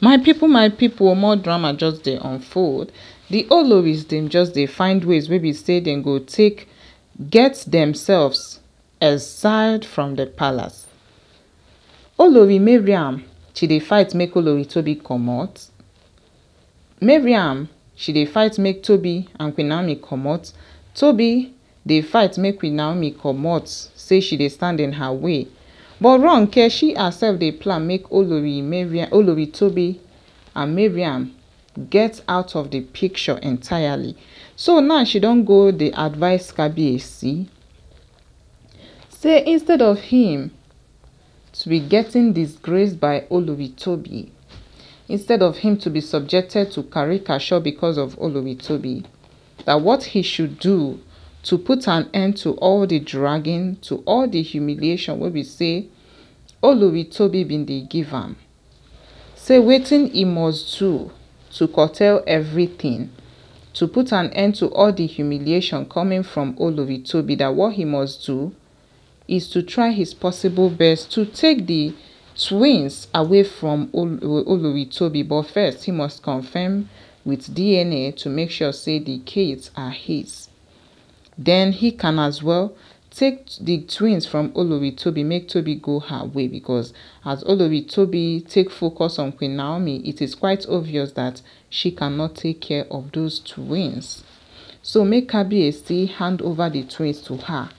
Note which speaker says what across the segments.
Speaker 1: My people, my people, oh, more drama just dey unfold. The Oloris dem just dey find ways wey be say dem go take get themselves exiled from the palace. Olori Mariam, she dey fight make Olori Tobi comot. Mariam, she dey fight make Tobi and Queen Naomi comot. Tobi dey fight make Queen Naomi comot, say she dey stand in her way but ronke she herself dey plan make olori oloritobi and mariam get out of di picture entirely so now she don go dey advise kabiyesi say instead of him to be getting disgraced by oloritobi instead of him to be subjected to caricature because of oloritobi that what he should do to put an end to all the dragging to all the humiliation wey we say olori oh, bin dey give am say waiting he must do to curtail everything to put an end to all the humiliation coming from olori oh, that what he must do is to try his possible best to take the twins away from Olori oh, but first he must confirm with DNA to make sure say the kids are his. then he can as well take the twins from Olori Toby, make Toby go her way because as Olori Toby take focus on Queen Naomi, it is quite obvious that she cannot take care of those twins. So make Kabiesi hand over the twins to her.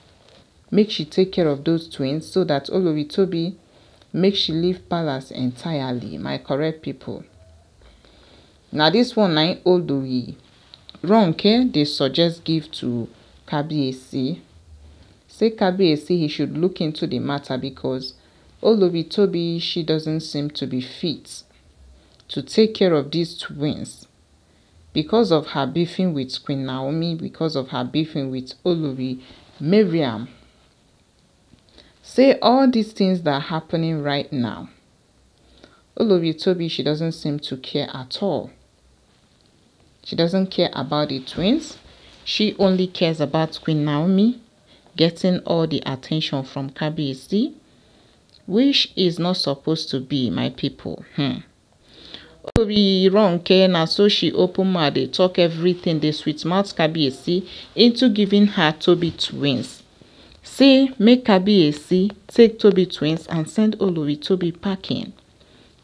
Speaker 1: Make she take care of those twins so that Olori Toby make she leave palace entirely, my correct people. Now this one na Olori care they suggest give to Kabiyesi. Say Kabiyesi he should look into the matter because Toby, she doesn't seem to be fit to take care of these twins because of her beefing with Queen Naomi, because of her beefing with Olori Miriam. Say all these things that are happening right now. Olori Toby, she doesn't seem to care at all. She doesn't care about the twins. She only cares about Queen Naomi getting all the attention from Kabiyesi, which is not supposed to be, my people. Hmm. wrong Ronke na so she open mouth They talk everything They sweet mouth Kabiyesi into giving her Toby twins. Say make Kabiyesi take Toby twins and send Olori Toby packing.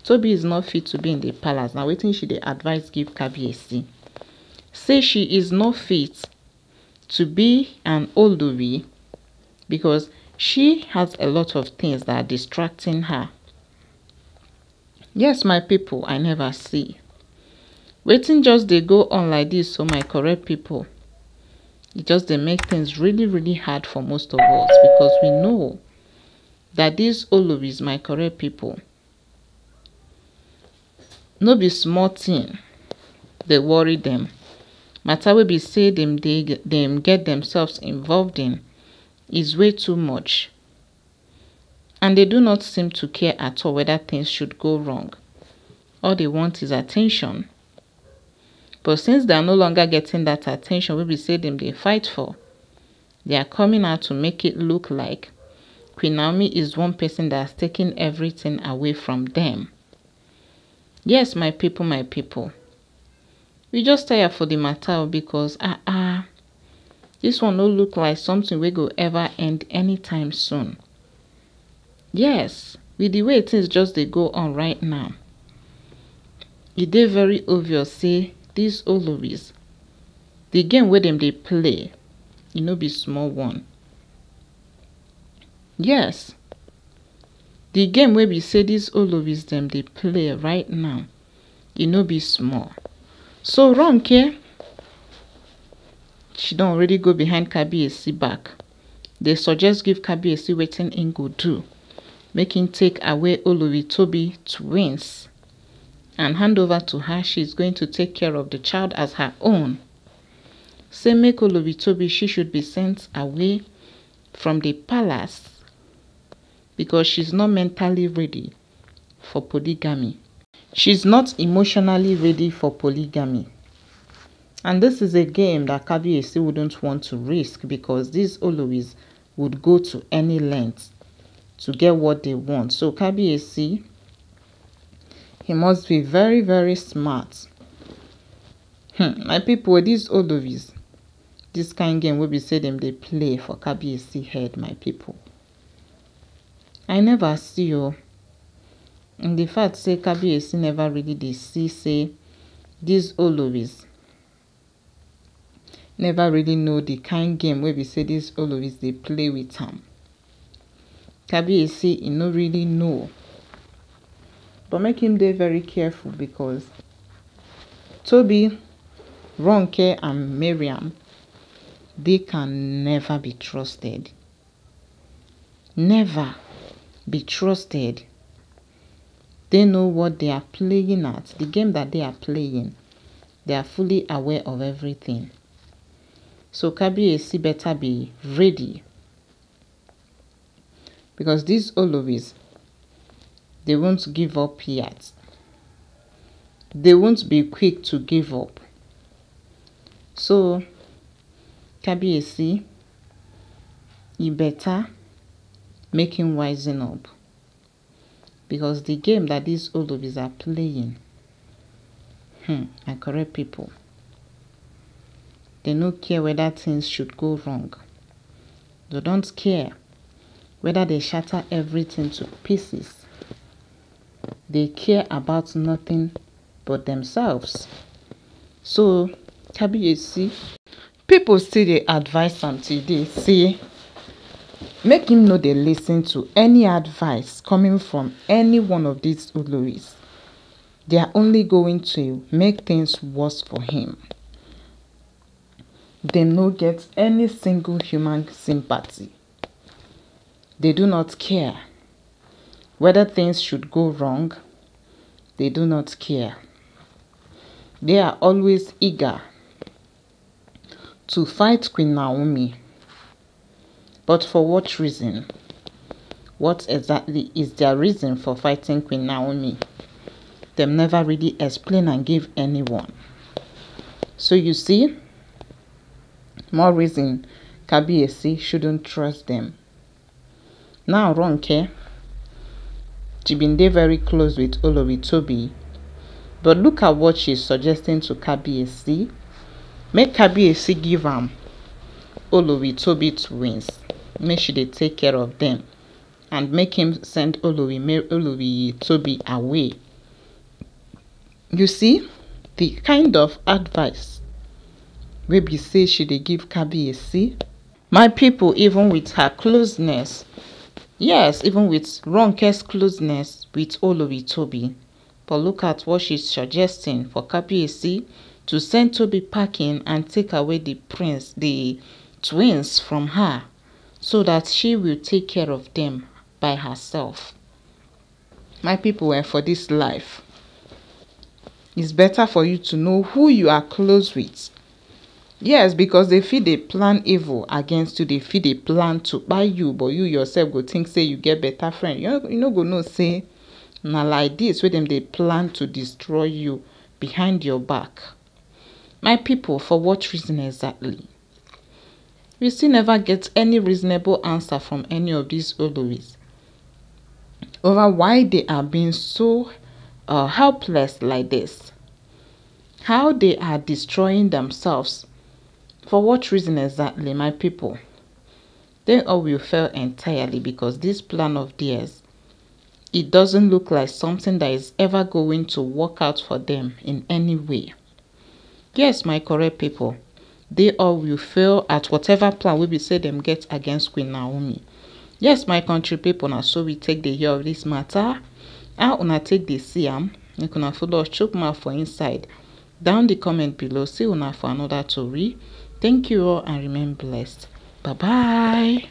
Speaker 1: Toby is not fit to be in the palace. Na wetin she dey advise give Kabiyesi. Say she is not fit to be an Olubi because she has a lot of things that are distracting her. Yes, my people, I never see. Waiting just they go on like this, so my correct people. It just they make things really, really hard for most of us because we know that these Olubis, my correct people, no be small thing. They worry them matter wey be say dem dey dem get themselves involved in is way too much and they do not seem to care at all whether things should go wrong. All they want is attention. But since they are no longer getting that attention we be say them they fight for, they are coming out to make it look like Queen Naomi is one person that has taken everything away from them. Yes, my people, my people we just tire for the matter because ah uh ah uh, this one no look like something we go ever end anytime soon yes with the way things just they go on right now it is very obvious say these olories, the game where them they play you no be small one yes the game where we say these olories them they play right now you no be small so wrong, yeah. she don't already go behind kabiyesi back They suggest give kabiyesi waiting in go do making take away toby twins and hand over to her she is going to take care of the child as her own say make toby she should be sent away from the palace because she's not mentally ready for polygamy She's not emotionally ready for polygamy. And this is a game that Kabiyesi wouldn't want to risk because these Olois would go to any length to get what they want. So Kabiyesi, he must be very, very smart. Hmm, my people, these Olovis, this kind of game will be said them they play for Kabiyesi head, my people. I never see you in the fact say kabiyesi never really dey see say dis oloris never really know the kind game wey be say dis oloris dey play with am kabiyesi e no really know but make him dey very careful because toby ronke and mariam they can never be trusted never be trusted they know what they are playing at, the game that they are playing. They are fully aware of everything. So AC better be ready. Because these Olovis, they won't give up yet. They won't be quick to give up. So AC, you better make him up because the game that these olobis are playing hmm, are correct people they no care whether things should go wrong they don't care whether they shatter everything to pieces they care about nothing but themselves so you see? people still they advise am till today see? make him know they listen to any advice coming from any one of these oloris they are only going to make things worse for him They no get any single human sympathy they do not care whether things should go wrong they do not care they are always eager to fight queen naomi but for what reason? What exactly is their reason for fighting Queen Naomi? Them never really explain and give anyone. So you see, more reason Kabiesi shouldn't trust them. Now Ronke, Jibinde very close with Olowitobi, but look at what she's suggesting to Kabiesi. Make Kabiesi give him Olowitobi twins make she they take care of them and make him send Oluwi, to be away. You see, the kind of advice maybe say she dey give see. My people, even with her closeness, yes, even with Ronke's closeness with Oluwi Toby, but look at what she's suggesting for see to send Toby packing and take away the prince, the twins from her so that she will take care of them by herself. My people, were eh, for this life, it's better for you to know who you are close with. Yes, because they feel they plan evil against you. They feel they plan to buy you, but you yourself go think say you get better friend. You know, you know go no say now like this with them they plan to destroy you behind your back. My people, for what reason exactly? We still never get any reasonable answer from any of these Olois over why they are being so uh, helpless like this. How they are destroying themselves. For what reason exactly, my people? They all will fail entirely because this plan of theirs, it doesn't look like something that is ever going to work out for them in any way. Yes, my correct people they all will fail at whatever plan wey be say dem get against queen naomi yes my country people. na so we take the hear of dis mata how una take the see am make una follow us chook mouth for inside down the comment below see una for another story. thank you all and remain blessed bye bye